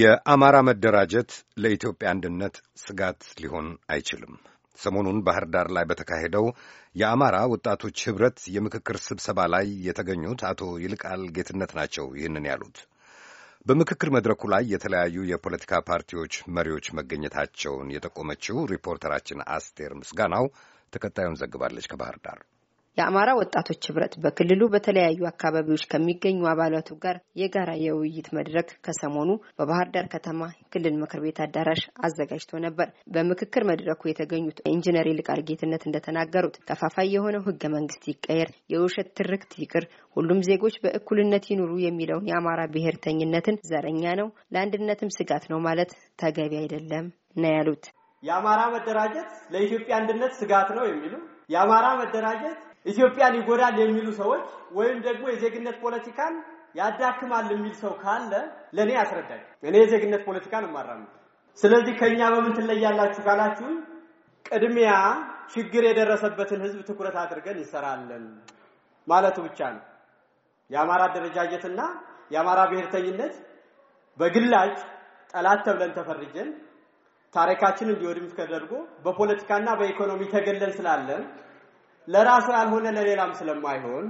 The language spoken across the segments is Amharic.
የአማራ መደራጀት ለኢትዮጵያ አንድነት ስጋት ሊሆን አይችልም። ሰሞኑን ባህር ዳር ላይ በተካሄደው የአማራ ወጣቶች ኅብረት የምክክር ስብሰባ ላይ የተገኙት አቶ ይልቃል ጌትነት ናቸው ይህንን ያሉት። በምክክር መድረኩ ላይ የተለያዩ የፖለቲካ ፓርቲዎች መሪዎች መገኘታቸውን የጠቆመችው ሪፖርተራችን አስቴር ምስጋናው ተከታዩን ዘግባለች ከባህር ዳር የአማራ ወጣቶች ህብረት በክልሉ በተለያዩ አካባቢዎች ከሚገኙ አባላቱ ጋር የጋራ የውይይት መድረክ ከሰሞኑ በባህር ዳር ከተማ ክልል ምክር ቤት አዳራሽ አዘጋጅቶ ነበር። በምክክር መድረኩ የተገኙት ኢንጂነር ይልቃል ጌትነት እንደተናገሩት ከፋፋይ የሆነው ህገ መንግስት ይቀየር፣ የውሸት ትርክት ይቅር፣ ሁሉም ዜጎች በእኩልነት ይኑሩ የሚለውን የአማራ ብሔርተኝነትን ዘረኛ ነው፣ ለአንድነትም ስጋት ነው ማለት ተገቢ አይደለም ነው ያሉት። የአማራ መደራጀት ለኢትዮጵያ አንድነት ስጋት ነው የሚሉ የአማራ መደራጀት ኢትዮጵያን ይጎዳል የሚሉ ሰዎች ወይም ደግሞ የዜግነት ፖለቲካን ያዳክማል የሚል ሰው ካለ ለእኔ ያስረዳኝ። እኔ የዜግነት ፖለቲካን እማራምድ። ስለዚህ ከእኛ በምን ትለያላችሁ ካላችሁ ቅድሚያ ችግር የደረሰበትን ህዝብ ትኩረት አድርገን እንሰራለን ማለቱ ብቻ ነው። የአማራ አደረጃጀትና የአማራ ብሔርተኝነት በግላጭ ጠላት ተብለን ተፈርጀን ታሪካችን እንዲወድም ተደርጎ በፖለቲካና በኢኮኖሚ ተገለን ስላለን ለራሱ ያልሆነ ለሌላም ስለማይሆን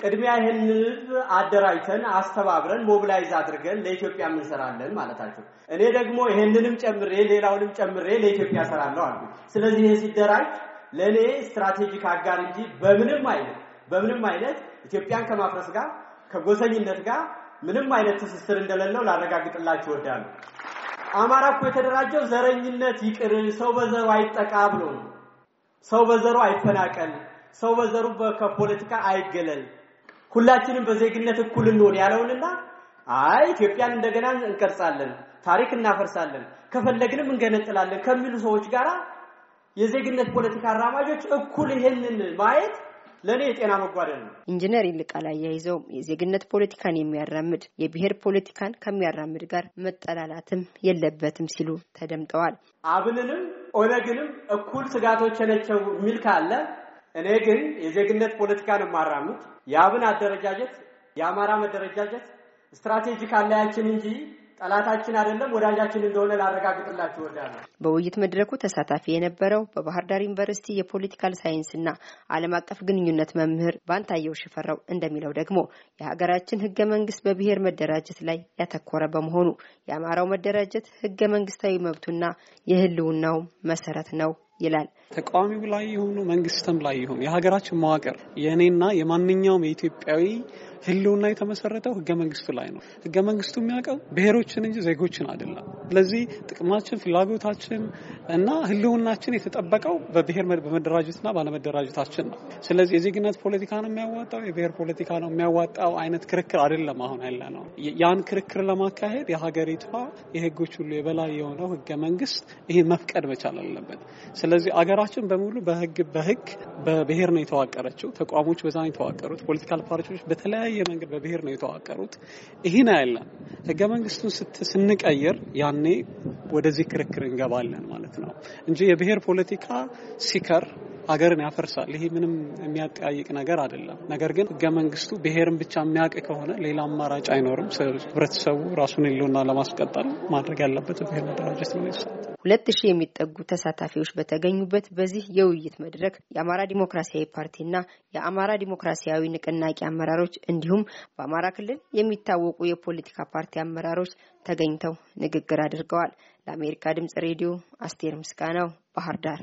ቅድሚያ ይህን ህዝብ አደራጅተን አስተባብረን ሞቢላይዝ አድርገን ለኢትዮጵያ እንሰራለን ማለታቸው። እኔ ደግሞ ይህንንም ጨምሬ ሌላውንም ጨምሬ ለኢትዮጵያ እሰራለሁ አሉ። ስለዚህ ይሄ ሲደራጅ ለእኔ ስትራቴጂክ አጋር እንጂ በምንም አይነት በምንም አይነት ኢትዮጵያን ከማፍረስ ጋር ከጎሰኝነት ጋር ምንም አይነት ትስስር እንደሌለው ላረጋግጥላችሁ እወዳለሁ። አማራ እኮ የተደራጀው ዘረኝነት ይቅር፣ ሰው በዘሩ አይጠቃ ብሎ ነው። ሰው በዘሩ አይፈናቀል፣ ሰው በዘሩ ከፖለቲካ አይገለል፣ ሁላችንም በዜግነት እኩል እንሆን ያለውንና አይ ኢትዮጵያን እንደገና እንቀርጻለን፣ ታሪክ እናፈርሳለን፣ ከፈለግንም እንገነጥላለን ከሚሉ ሰዎች ጋር የዜግነት ፖለቲካ አራማጆች እኩል ይሄንን ማየት ለእኔ የጤና መጓደል ነው። ኢንጂነር ይልቃል አያይዘው የዜግነት ፖለቲካን የሚያራምድ የብሔር ፖለቲካን ከሚያራምድ ጋር መጠላላትም የለበትም ሲሉ ተደምጠዋል። አብንንም ኦነግንም እኩል ስጋቶች ናቸው የሚል ካለ እኔ ግን የዜግነት ፖለቲካን የማራምድ የአብን አደረጃጀት የአማራ መደረጃጀት ስትራቴጂክ አለያችን እንጂ ጠላታችን አይደለም ወዳጃችን እንደሆነ ላረጋግጥላችሁ እወዳለሁ። በውይይት መድረኩ ተሳታፊ የነበረው በባህር ዳር ዩኒቨርሲቲ የፖለቲካል ሳይንስና ዓለም አቀፍ ግንኙነት መምህር ባንታየው ሽፈራው እንደሚለው ደግሞ የሀገራችን ህገ መንግስት በብሔር መደራጀት ላይ ያተኮረ በመሆኑ የአማራው መደራጀት ህገ መንግስታዊ መብቱና የህልውናው መሰረት ነው ይላል። ተቃዋሚው ላይ የሆኑ መንግስትም ላይ የሆኑ የሀገራችን መዋቅር የእኔና የማንኛውም የኢትዮጵያዊ ህልውና የተመሰረተው ህገ መንግስቱ ላይ ነው። ህገ መንግስቱ የሚያውቀው ብሔሮችን እንጂ ዜጎችን አይደለም። ስለዚህ ጥቅማችን፣ ፍላጎታችን እና ህልውናችን የተጠበቀው በብሔር በመደራጀትና ባለመደራጀታችን ነው። ስለዚህ የዜግነት ፖለቲካ ነው የሚያዋጣው፣ የብሔር ፖለቲካ ነው የሚያዋጣው አይነት ክርክር አይደለም አሁን ያለ ነው። ያን ክርክር ለማካሄድ የሀገሪቷ የህጎች ሁሉ የበላይ የሆነው ህገ መንግስት ይህን መፍቀድ መቻል አለበት። ስለዚህ አገራችን በሙሉ በህግ በህግ በብሔር ነው የተዋቀረችው። ተቋሞች በዛ የተዋቀሩት። ፖለቲካል ፓርቲዎች በተለያየ በተለያየ መንገድ በብሔር ነው የተዋቀሩት። ይህን አይደለም ህገ መንግስቱን ስንቀይር ያኔ ወደዚህ ክርክር እንገባለን ማለት ነው እንጂ የብሔር ፖለቲካ ሲከር ሀገርን ያፈርሳል። ይሄ ምንም የሚያጠያይቅ ነገር አይደለም። ነገር ግን ህገ መንግስቱ ብሔርን ብቻ የሚያውቅ ከሆነ ሌላ አማራጭ አይኖርም። ህብረተሰቡ ራሱን ህልውና ለማስቀጠል ማድረግ ያለበት ብሔር መደራጀት ነው። ሁለት ሺህ የሚጠጉ ተሳታፊዎች በተገኙበት በዚህ የውይይት መድረክ የአማራ ዲሞክራሲያዊ ፓርቲና የአማራ ዲሞክራሲያዊ ንቅናቄ አመራሮች እንዲሁም በአማራ ክልል የሚታወቁ የፖለቲካ ፓርቲ አመራሮች ተገኝተው ንግግር አድርገዋል። ለአሜሪካ ድምጽ ሬዲዮ አስቴር ምስጋናው ባህር ዳር